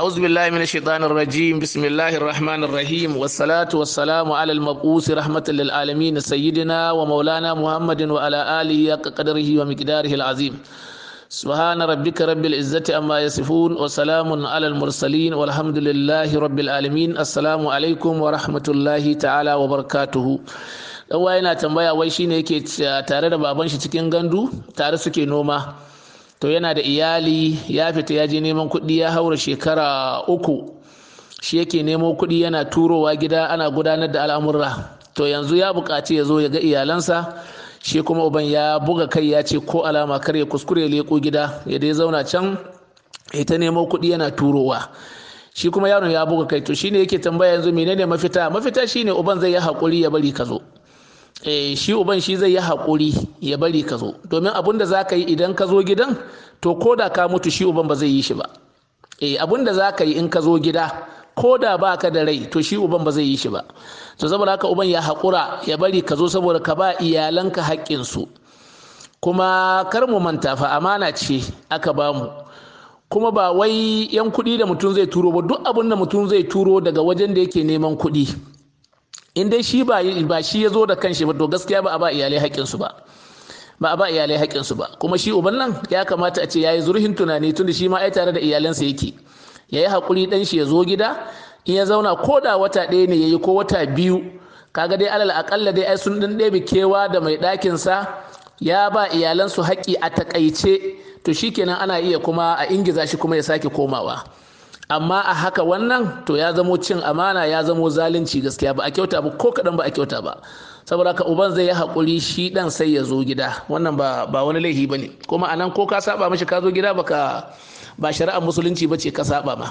أعوذ بالله من الشيطان الرجيم بسم الله الرحمن الرحيم والصلاة والسلام على المبعوث رحمة للعالمين سيدنا ومولانا محمد وعلى آله قدره ومقداره العظيم سبحان ربك رب العزة أما يصفون وسلام على المرسلين والحمد لله رب العالمين السلام عليكم ورحمة الله تعالى وبركاته ɗan yana tambaya wai shine yake tare da baban shi cikin gandu tare suke noma to yana da iyali ya fita ya je neman kuɗi ya haura shekara uku shi yake nemo kuɗi yana turowa gida ana gudanar da al'amurra to yanzu ya buƙaci ya zo ya ga iyalansa shi kuma uban ya buga kai ya ce ko alama kar ya kuskure leƙo gida ya dai zauna can ita ta nemo kuɗi yana turowa shi kuma yaron ya buga kai to shine yake tambaya yanzu menene mafita mafita shine uban zai yi haƙuri ya bari ka zo Eh, shi uban shi zai yi haƙuri ya bari ka zo domin abin da za ka yi idan ka zo gidan to ko da ka mutu shi uban ba zai yi shi ba eh, abin da za ka yi in ka zo gida ko da ba ka da rai to shi uban ba zai yi shi ba to saboda haka uban ya haƙura ya bari ka zo saboda ka ba iyalanka haƙƙinsu kuma kar mu manta fa amana ce aka ba mu. kuma ba wai yan kuɗi da mutum zai turo ba duk abin da mutum zai turo daga wajen da yake neman kuɗi in dai shi ba shi ya zo da kanshi ba to gaskiya ba a ba iyalai su ba ba a ba iyalai su ba kuma shi uban nan ya kamata a ce ya yi zurhin tunani tunda shi ma ai tare da iyalansa yake ya yi hakuri ɗan shi ya zo gida in ya zauna ko da wata ɗaya ne yayi ko wata biyu kaga dai alal aƙalla dai ai sun ɗin ɗebe kewa da mai ɗakin sa ya ba iyalansu haƙƙi a takaice to shikenan ana iya kuma a ingiza shi kuma ya sake komawa amma a haka wannan to ya zamo cin amana ya zamo zalunci gaskiya ba a kyauta ba ko kaɗan ba a kyauta ba saboda ka uban zai yi haƙuri shi dan sai ya zo gida wannan ba wani laifi ba ne kuma a nan ko ka saba mashi ka zo gida baka ba shari'ar musulunci ba ce ka saba ma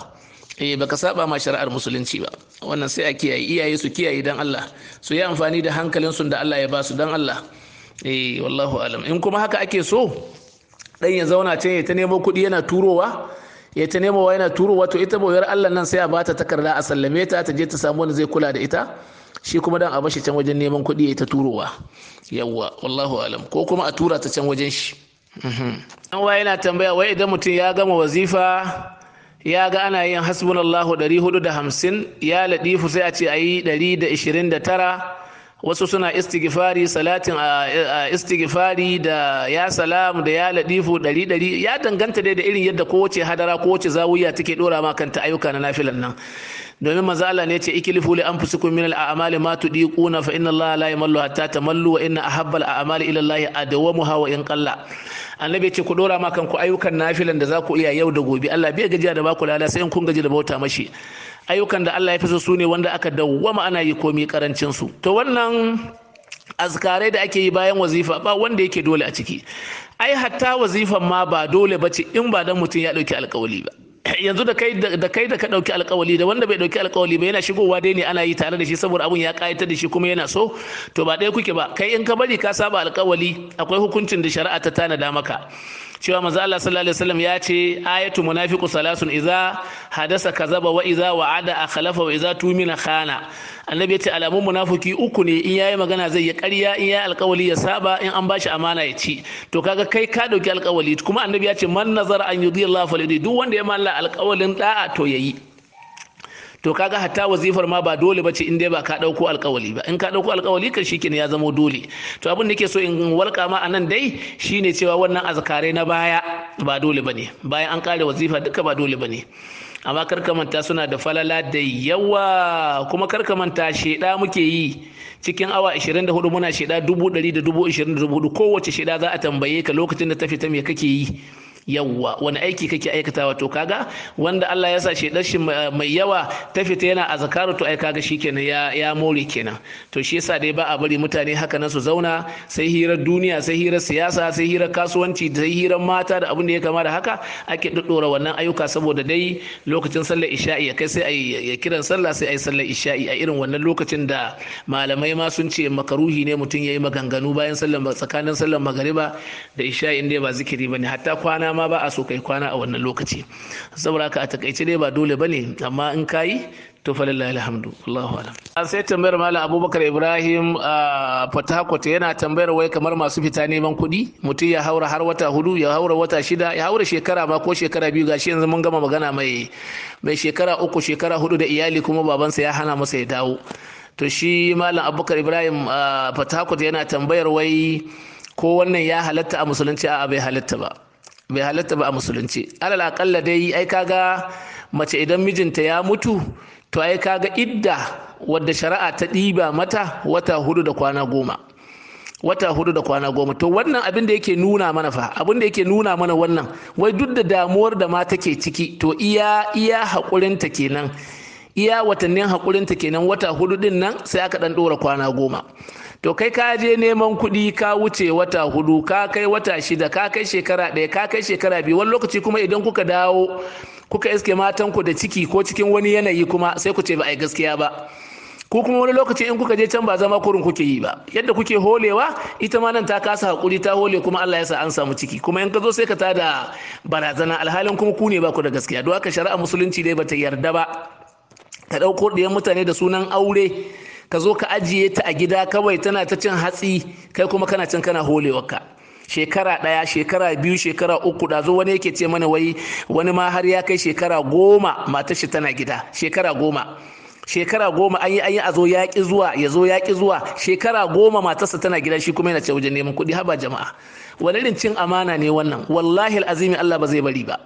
eh baka saba ma shari'ar musulunci ba wannan sai a kiyaye iyaye su kiyaye dan Allah su yi amfani da hankalin su da Allah ya ba su dan Allah eh wallahu alam in kuma haka ake so dan ya zauna can ya ta nemo kuɗi yana turowa ya ta nemo wa yana turo wato ita boyar Allah nan sai a bata takarda a sallame ta ta je ta samu wani zai kula da ita shi kuma dan a bashi can wajen neman kuɗi ya ta turowa yawwa wallahu alam ko kuma a tura ta can wajen shi mhm. dan wa yana tambaya wai idan mutum ya gama wazifa ya ga ana yin hasbunallahu hamsin ya ladifu sai a ce da tara. wasu suna istighfari salatin istighfari da ya salam da ya ladifu dari dari ya danganta dai da irin yadda kowace hadara kowace zawiya take dora ma kanta ayyuka na nafilan nan domin manzo Allah ne yace ikilifu li anfusikum min al-a'mali ma tudiquna fa inna Allah la yamallu hatta tamallu wa inna ahabbal amali ila Allah adwamuha wa in qalla annabi yace ku dora ma kanku ayyukan nafilan da za ku iya yau da gobe Allah bai gajiya da baku lada sai in kun gaji da bauta mashi ayyukan da Allah ya fi so su ne wanda aka dawwama ana yi komi karancin su to wannan azkare da ake yi bayan wazifa ba wanda yake dole a ciki ai hatta wazifan ma ba dole bace in ba dan mutum ya dauki alkawali ba yanzu da kai da ka dauki alkawali da wanda bai dauki alkawali ba yana shigowa dai ne ana yi tare da shi saboda abun ya kayata da shi kuma yana so to ba ɗaya kuke ba kai in ka bari ka saba alkawali akwai hukuncin da shari'a ta tanada maka cewa manzo Allah sallallahu alaihi wasallam ya ce ayatu munafiqu salasun idza hadasa kazaba wa idza wa'ada akhlafa wa idza tumina khana annabi ya ce alamun munafuki uku ne in yayi magana zai ya ƙarya in yayi alƙawali ya saba in an bashi amana ya ci to kaga kai ka dauki alƙawali kuma annabi ya ce man nazar an yudi Allah falidi duk wanda ya malla alƙawalin da'a to yi to kaga hatta wazifar ma ba dole bace in dai ba ka dauko alƙawali ba in ka dauko alƙawali kan ne ya zama dole to abin da nake so in walƙa ma nan dai shine cewa wannan azkare na baya ba dole bane bayan an kare wazifa duka ba dole bane amma karka manta suna da falala da yawa kuma karka manta sheda muke yi cikin awa 24 muna sheda 100 kowace sheda za a tambaye ka lokacin da ta fita me kake yi yawwa wani aiki kake aikatawa to kaga wanda Allah ya sa shi dashi mai yawa ta fita yana zakaru to ai kaga shikenan ya ya more kenan to shi yasa dai ba a bari mutane haka na su zauna sai hirar duniya sai hirar siyasa sai hirar kasuwanci sai hirar mata da abin da ya kama da haka ake dora wannan ayyuka saboda dai lokacin sallar isha'i ya kai sai ai ya kiran sallah sai ai sallar isha'i a irin wannan lokacin da malamai ma sun ce makaruhi ne mutum yayi maganganu bayan sallar tsakanin sallar magariba da isha'i inda ba zikiri bane hatta kwana ma ba a so kai kwana a wannan lokaci saboda ka a takaice dai ba dole bane amma in kayi to fa lillahi alhamdu Allahu alam sai tambayar malam Abubakar Ibrahim a Port yana tambayar wai kamar masu fita neman kuɗi mutum ya haura har wata hudu ya haura wata shida ya haura shekara ma ko shekara biyu gashi yanzu mun gama magana mai mai shekara uku shekara hudu da iyali kuma babansa ya hana masa ya dawo to shi malam Abubakar Ibrahim a Port yana tambayar wai ko wannan ya halatta a musulunci a bai halatta ba bai halatta ba a musulunci alal aƙalla dai ai kaga mace idan mijinta ya mutu to ai kaga idda wadda shari'a ta ɗiba mata wata hudu da kwana goma wata hudu da kwana goma to wannan abin da yake nuna mana fa abin da yake nuna mana wannan wai duk da damuwar da mata ke ciki to iya iya haƙurinta kenan iya watannin haƙurinta kenan wata hudu din nan sai aka ɗan ɗora kwana goma to kai ka je neman kuɗi ka wuce wata hudu ka kai wata shida ka kai shekara ɗaya ka kai shekara biyu wani lokaci kuma idan kuka dawo kuka iske matanku da ciki ko cikin wani yanayi kuma sai ku ce ba a yi gaskiya ba ko kuma wani lokaci in kuka je can ba zama kurin kuke yi ba yadda kuke holewa ita ma nan ta kasa hakuri ta hole kuma Allah ya sa an samu ciki kuma in ka zo sai ka tada barazana alhalin kuma ku ne ba ku da gaskiya don haka shari'a musulunci dai bata yarda ba ka ɗauko ɗiyan mutane da sunan aure ka zo ka ajiye ta a gida kawai tana ta cin hatsi kai kuma kana cin kana holewarka shekara ɗaya shekara biyu shekara uku da zo wani yake ce mana wai wani ma har ya kai shekara goma matar shi tana gida shekara goma shekara goma an yi a zo yaƙi zuwa ya zo yaƙi zuwa shekara goma matarsa tana gida shi kuma yana ce wajen neman kuɗi haba jama'a wani irin cin amana ne wannan wallahi al'azimi Allah ba zai bari ba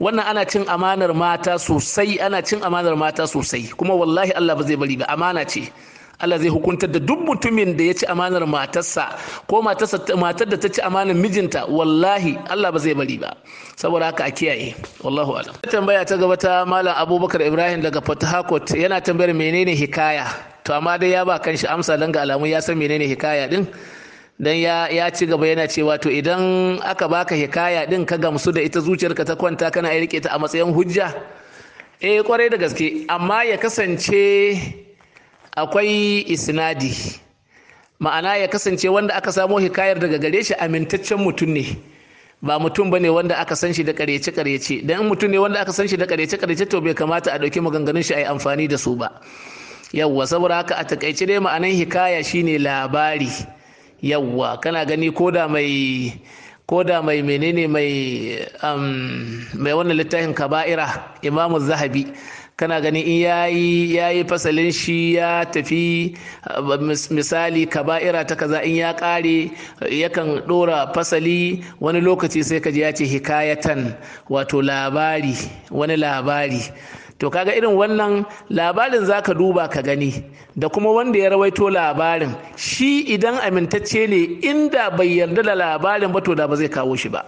wannan ana cin amanar mata sosai ana cin amanar mata sosai kuma wallahi Allah ba zai bari ba amana ce Allah zai hukuntar da duk mutumin da ya ci amanar matarsa ko matar da ta ci amanar mijinta wallahi Allah ba zai bari ba saboda haka a kiyaye wallahu alam tambaya ta gaba ta malam Abubakar Ibrahim daga Port Harcourt yana tambayar menene hikaya to amma dai ya ba kanshi amsa dan ga alamu ya san menene hikaya din dan ya ya ci gaba yana cewa to idan aka baka hikaya din ka gamsu da ita zuciyarka ta kwanta kana ai rike ta a matsayin hujja eh kwarai da gaske amma ya kasance akwai isnadi ma'ana ya kasance wanda aka samo hikayar daga gare shi amintaccen mutum ne ba mutum bane wanda aka san shi da karece-karece. dan mutum ne wanda aka san shi da karece-karece to bai kamata a dauki maganganun shi a yi amfani da su ba yawwa saboda haka a takaice dai ma'anan hikaya shine labari yawwa kana gani koda mai koda mai menene mai mai wannan littafin kaba'ira imamu zahabi kana gani in yayi yayi fasalin shi ya tafi misali kaba'ira ta kaza in ya kare yakan dora fasali wani lokaci sai kaji ya ce hikayatan wato labari wani labari to kaga irin wannan labarin za ka duba ka gani da kuma wanda ya rawaito labarin shi idan amintacce ne inda bai yarda da labarin ba to da ba zai kawo shi ba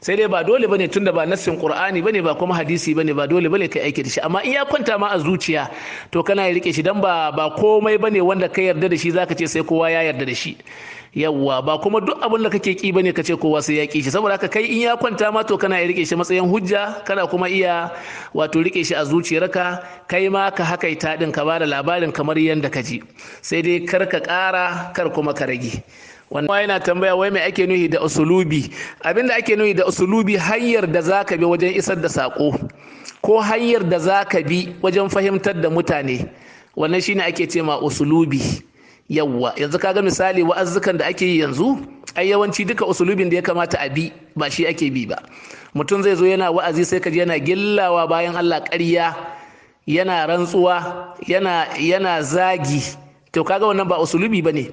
sai dai ba dole bane da ba nassin qur'ani bane ba kuma hadisi bane ba dole bane kai aiki da shi amma in ya kwanta ma a zuciya to kana rike shi dan ba ba komai bane wanda ka yarda da shi zaka ce sai kowa ya yarda da shi yawwa ba kuma duk abin da kake ki bane kace kowa sai ya ki shi saboda haka kai in ya kwanta ma to kana rike shi matsayin hujja kana kuma iya wato rike shi a zuciyarka kai ma ka hakaita din ka bada labarin kamar yanda ka ji sai dai kar ka ƙara kar kuma ka rage wannan yana tambaya wai mai ake nuhi da usulubi abinda ake nuhi da usulubi hanyar da zaka bi wajen isar da sako ko hanyar da zaka bi wajen fahimtar da mutane wannan shine ake ce ma usulubi yawwa yanzu kaga misali wa'azzukan da ake yi yanzu ai yawanci duka usulubin da ya kamata a bi ba shi ake bi ba mutum zai zo yana wa'azi sai kaji yana gillawa bayan Allah ƙarya yana rantsuwa yana yana zagi to kaga wannan ba usulubi bane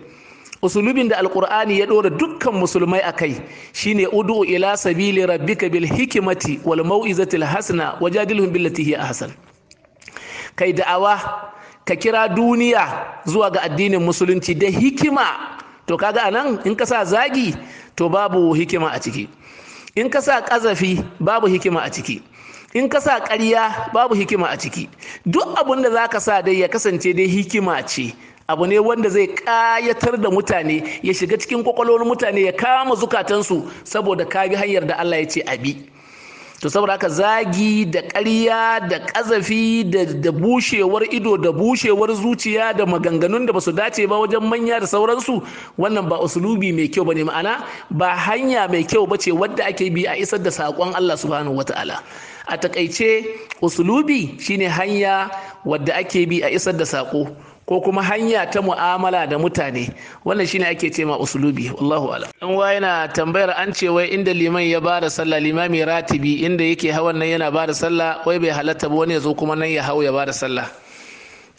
usulubin da alkur'ani ya ɗora dukkan musulmai a kai shine udu ila sabili rabbika bil hikimati wal mau'izatil hasana wajadilhum billati hiya ahsan kai da'awa ka kira duniya zuwa ga addinin musulunci da hikima to kaga anan in ka sa zagi to babu hikima a ciki in ka sa ƙazafi babu hikima a ciki in ka sa ƙarya babu hikima a ciki duk abin da za ka sa dai ya kasance dai hikima ce abu ne wanda zai ƙayatar da mutane ya shiga cikin kwakwalwar mutane ya kama zukatansu saboda ka bi hanyar da Allah ya ce a bi. to saboda haka zagi da ƙarya da ƙazafi da bushewar ido da bushewar zuciya da maganganun da basu dace ba wajen manya da sauransu wannan ba usulubi mai kyau bane ma'ana ba hanya mai kyau bace wadda ake bi a isar da saƙon Allah subhanahu wataala a takaice usulubi shine hanya wadda ake bi a isar da saƙo ko kuma hanya ta mu'amala da mutane wannan shine ake ce ma usulubi wallahu alam dan wa yana tambayar an ce wai inda liman ya bada sallah limami ratibi inda yake hawan nan yana bada sallah wai bai halatta ba wani ya zo kuma nan ya hau ya bada sallah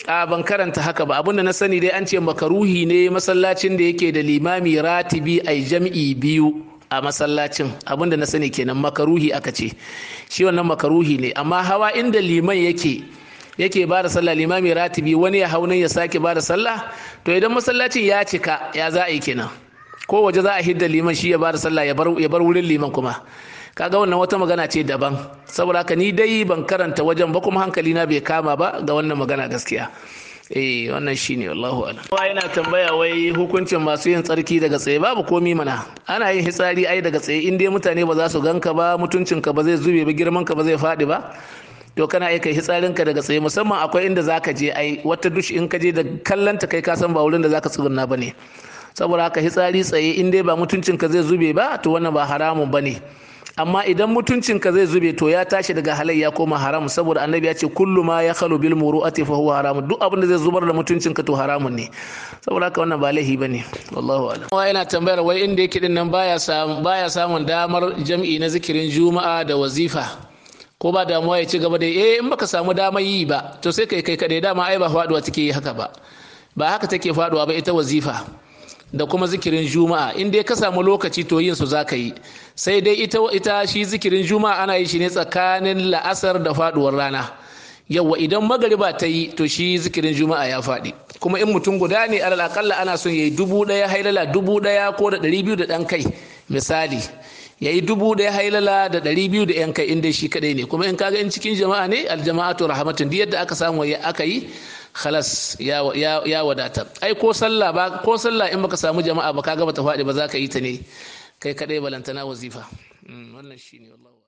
a ban karanta haka ba abinda na sani dai an ce makaruhi ne masallacin da yake da limami ratibi ai jam'i biyu a masallacin abinda na sani kenan makaruhi aka ce shi wannan makaruhi ne amma hawa inda liman yake yake ba da sallah limami ratibi wani ya hau nan ya sake ba da sallah to idan masallacin ya cika ya za a yi kenan ko waje za a hidda liman shi ya ba da sallah ya bar wurin liman kuma kaga wannan wata magana ce daban saboda haka ni dai ban karanta wajen ba kuma hankali na bai kama ba ga wannan magana gaskiya eh wannan shine wallahu alam kowa yana tambaya wai hukuncin masu yin tsarki daga tsaye babu komi mana ana yin hitsari ai daga tsaye inda mutane ba za su ganka ba mutuncinka ba zai zube ba girman ka ba zai fadi ba to kana iya kai ka daga tsaye musamman akwai inda zaka je ai wata dushi in ka je da ta kai ka san ba wurin da zaka tsugunna bane saboda haka hitsari tsaye in dai ba mutuncinka zai zube ba to wannan ba haramun bane amma idan mutuncinka zai zube to ya tashi daga halai ya koma haram saboda annabi ya ce kullu ma ya khalu bil muru'ati fa huwa haram duk abin da zai zubar da mutuncinka to haramun ne saboda haka wannan ba laihi bane wallahu a'lam wa yana tambayar wai inda yake din nan baya samun baya samun damar jam'i na zikirin juma'a da wazifa ko ba damuwa ya ci gaba da eh in baka samu damar yi ba to sai kai kai kadai dama ai ba faduwa take yi haka ba ba haka take faduwa ba ita wazifa da kuma zikirin juma'a in dai ka samu lokaci to yin su zaka yi sai dai ita ita shi zikirin juma'a ana yi shi ne tsakanin la'asar da faduwar rana yawa idan magariba ta yi to shi zikirin juma'a ya faɗi kuma in mutum guda ne alal akalla ana son ya yi dubu ɗaya hailala dubu ɗaya ko da ɗari biyu da ɗan kai misali ya yi dubu ɗaya hailala da ɗari biyu da yan kai in shi kaɗai ne kuma in kaga in cikin jama'a ne to rahmatun duk yadda aka samu ya aka yi khalas ya wadata ai ko sallah ba ko sallah in baka samu jama'a ba kaga bata faɗi ba za ka yi ta ne kai kaɗai balantana wazifa hmm, wannan shine wallahi